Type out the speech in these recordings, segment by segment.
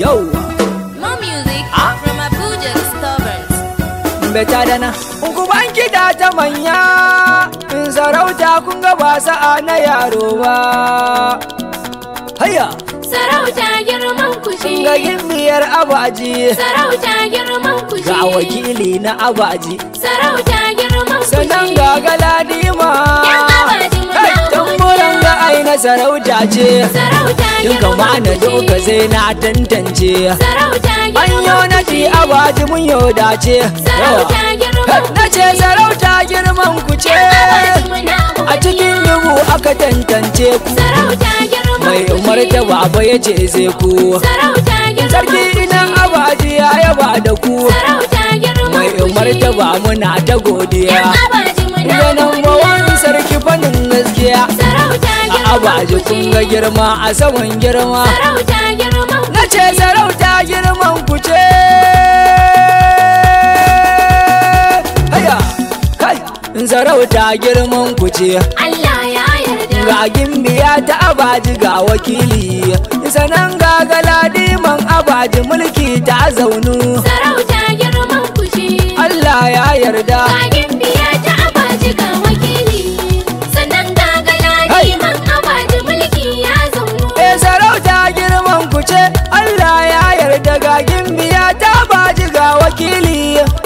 Yo! More music ah? from Abuja Disturbance. Mbeta dana. Ukubanki data ta manya, sarauta kun ga ana sa'a na yaro ba. Haya! Sarauta girman kushi. Ga gimbiyar abaji. Sarauta girman kushi. Ga wakili na abaji. Sarauta girman kushi. Sannan ga galadima. ai na sarauta ce duka mana doka sai na tantance hanyo na ji abati mun yau dace na ce sarauta girman ku ce a cikin dubu aka tantance ku mai Umar ta baba ya ce zai ku sarki idan abati ya yaba da ku mai umarta ba muna ta godiya ganin bawan sarki fannin gaskiya abaji kun ga girma a saman girma na ce sarauta girman ku ce haya kai sarauta girman ku ce ga gimbiya ta abaji ga wakili sanan ga man abaji mulki ta zaunu sarauta girman ku ce Allah ya yarda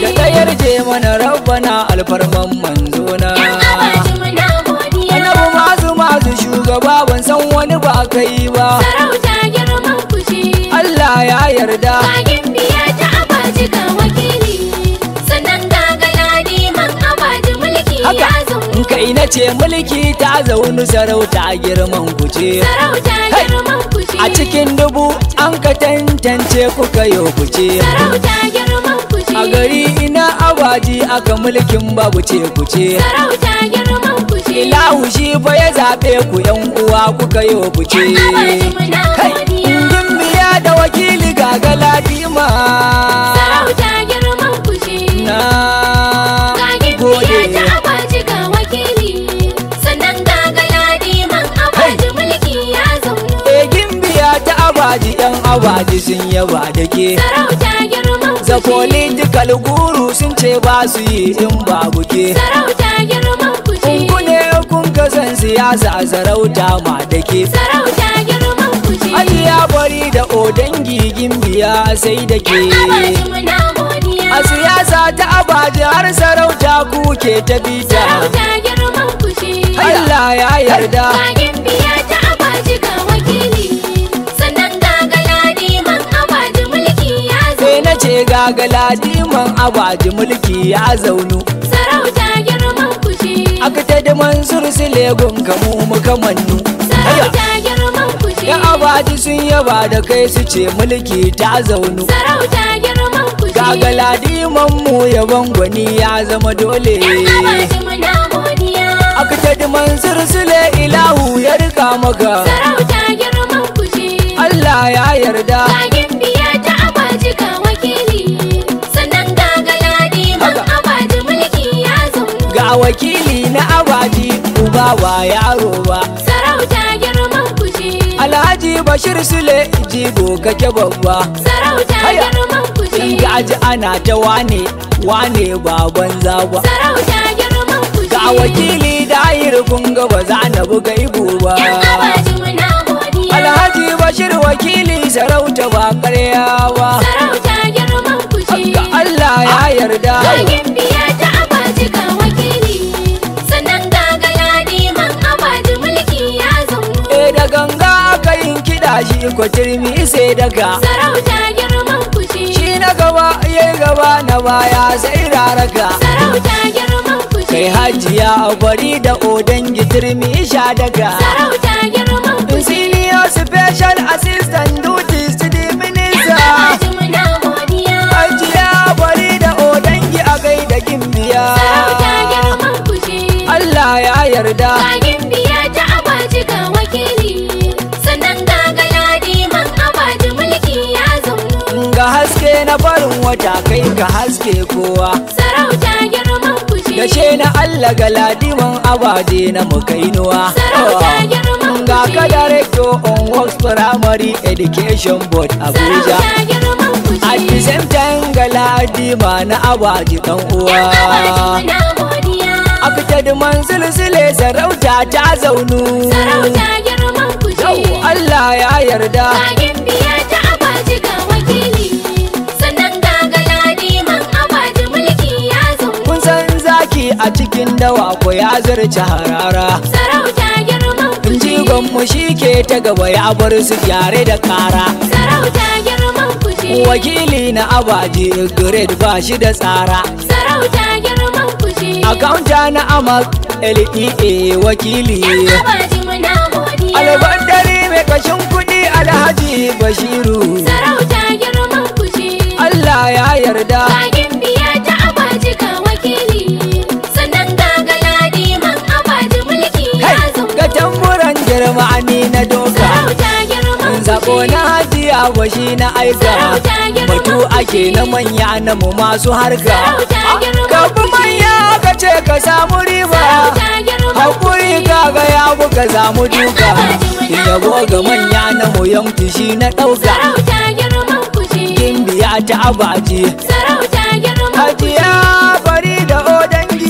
da tsayar je mana rabbana alfarman manzona annabu masu masu shugaba ban san wani ba kai ba sarauta girman kuce Allah ya yarda kagin biya ta abaji wakili sannan ga galadi man abaji mulki ya zaunu kai na ce mulki ta zaunu sarauta girman kuce sarauta girman kuce a cikin dubu an ka tantance kuka yo kuce sarauta girman A gari ina abaji aka mulkin babu ce ku ce. Sarauta girman kuce. Ilahu shi fa ya zaɓe ku yan uwa kuka yi wa kuce. biya da wakili gaga ladima. Sarauta girman kuce. Na gode. ta abaji ga wakili. Sannan gaga ladiman abaji mulki ya zauna. E gimbiya ta abaji yan abaji sun yaba da ke. Sarauta political guru sun ce ba su yi in babu ke sarauta girman ku Kun kune kun kun kasan siyasa sarauta ma dake sarauta girman ku Ajiya bari da gigin biya, sai da ke a siyasa ta abaji har sarauta kuke ta bita sarauta girman ku Allah ya yarda ba gimbiya ta abaji ka Gagala diman Abaji mulki ya zaunu sarauta girman kushi aka ta da mansur silegun kamu muka mannu sarauta girman kushi ya abaji sun yaba da kai su ce mulki ta zaunu sarauta girman kushi ga diman mu yaban gwani ya zama dole aka ta da mansur sile ilahu ya rika maka sarauta girman kushi Allah ya yarda wakili na abaji uba ba yaro ba sarauta girman kuji alhaji bashir sule jigo kake babba sarauta girman kuji aji ana ta wane wane baban banza sarauta girman kuji ga wakili dahir kun ga ba za na buga ibo ba alhaji bashir wakili sarauta ba karya ba sarauta girman kuji Allah ya ah, yarda. Zagin biya ta abaji kawai. tashi ko tirmi sai daga sarauta girman kushi shi na gaba ya gaba na baya sai raraga sarauta girman kushi kai hajiya gwari da odan gitirmi sha daga sarauta girman kushi senior special assistant duty city minister hajiya bari a gimbiya sarauta girman kushi Allah ya yarda haske kowa sarauta girman kushi gashe na Allah galadiman abaje na mukainuwa sarauta girman kushi ga ka director on works primary education board Abuja sarauta girman fushi. at the same time galadima na abaje dan uwa a fitar manzil sile sarauta ta zaunu sarauta girman cikin dawa ko ya zarci harara sarauta girman Inji jigon shi ke ta gaba ya bar su gyare da kara sarauta girman kuji wakili na abaji grade ba shi da tsara sarauta girman kuji akaunta na amak lea wakili abaji albandari mai kashin kudi alhaji bashiru sarauta girman kuji Allah ya yarda Bakin biya ta abaji kawai agwashi na aiza batu ake na manya na mu masu harka ah, kafi manya ka ce ka samu riba hakuri kaga ya ka samu duka yabo ga manya na mu yanki shi na ɗauka gimbiya ta abaji hajiya bari da odangi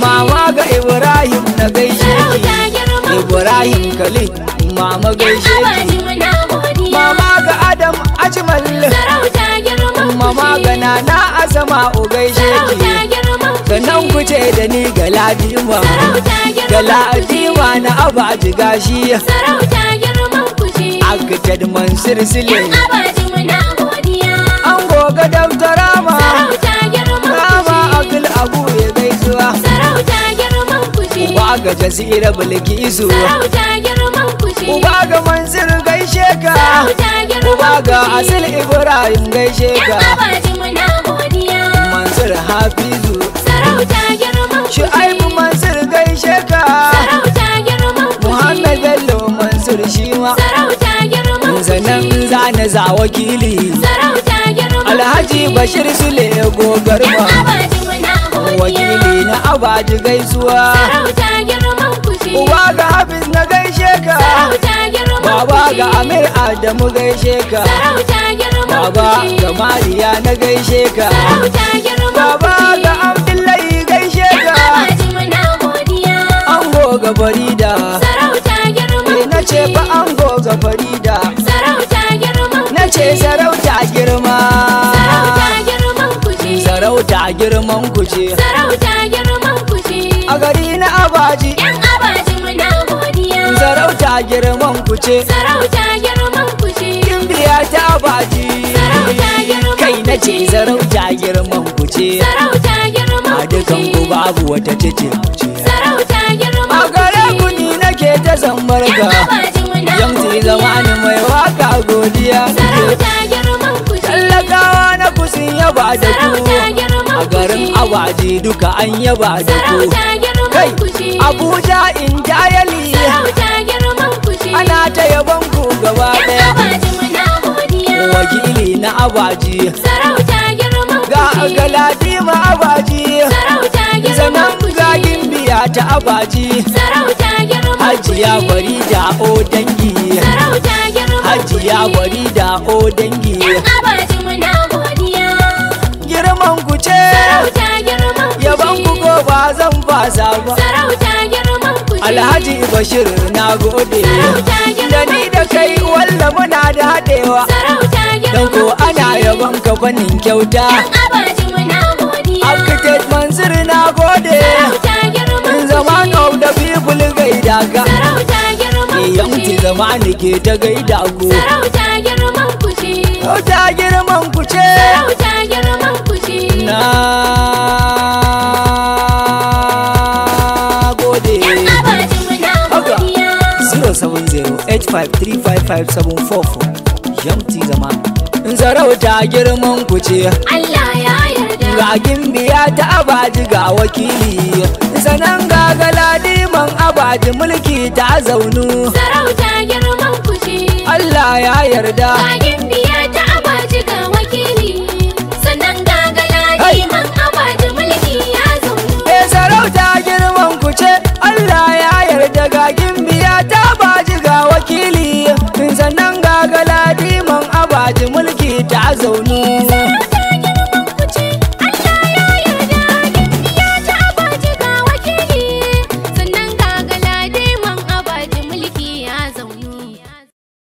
mama ga ibrahim na gaishe ibrahim khalid mama gaishe ki mama ga adam ajmal sarauta girman mama ga nana azama ugaishe ki sannan ku ce da ni ga ladima ga ladima na abu aji gashi sarauta girman ku ce agajad mansur sile an goga daftara ma kama akil abu ya gaisuwa sarauta girman ku ce ba ga jazira bilkisu sarauta girman ku ce ba ga mansur gaishe ka uba ga asil ibrahim gaishe ka mansur hafizu shu'aibu mansur gaishe ka muhammad bello mansur shima zanen zane za wakili alhaji bashir sule gogarma wakili na abaji gaisuwa uwa ga hafiz na gaishe ka baba ga amir adamu gaishe ka baba ga mariya na gaishe ka baba ga abdullahi gaishe ka ango ga farida eh, na ce fa ango ga farida na ce sarauta girma sarauta girman Sarauta kuce a gari na abaji sarauta girman kuce sarauta girman kuce ce kimbiya ta baji sarauta girman kai na ce sarauta girman kuce sarauta girman kuce ce dukan ku babu wata tace kuce sarauta girman kuce a gare ku ni nake ta zammar ga yanzu zamanin mai waka godiya sarauta girman kuce ce tallakawa na kusin ya yaba da ku a garin awaji duka an yaba da ku kai abuja in ya ta yaban ku gaba daya wakili na abaji sarauta girman ga galadi ma abaji sarauta girman ku zagin biya ta abaji sarauta girman hajiya bari da o dangi sarauta girman hajiya bari da o dangi alhaji bashir na gode da ni da kai walla muna da haɗewa don ko ana yabon ka fannin kyauta architect mansur na gode in zama kau da bibul gaida ka yanti zama ni ke ta gaida ku Sarauta girman kuce Sarauta girman kuce Na 085355744 yamti zaman in sarauta girman kuce Allah ya yarda ga gimbiya ta abaji ga wakili sanan ga galadiman abaji mulki ta zaunu sarauta girman Allah ya yarda ga gimbiya ta abaji ga wakili sanan ga galadiman wakili sannan gagala, diman abaji mulki ta zaune.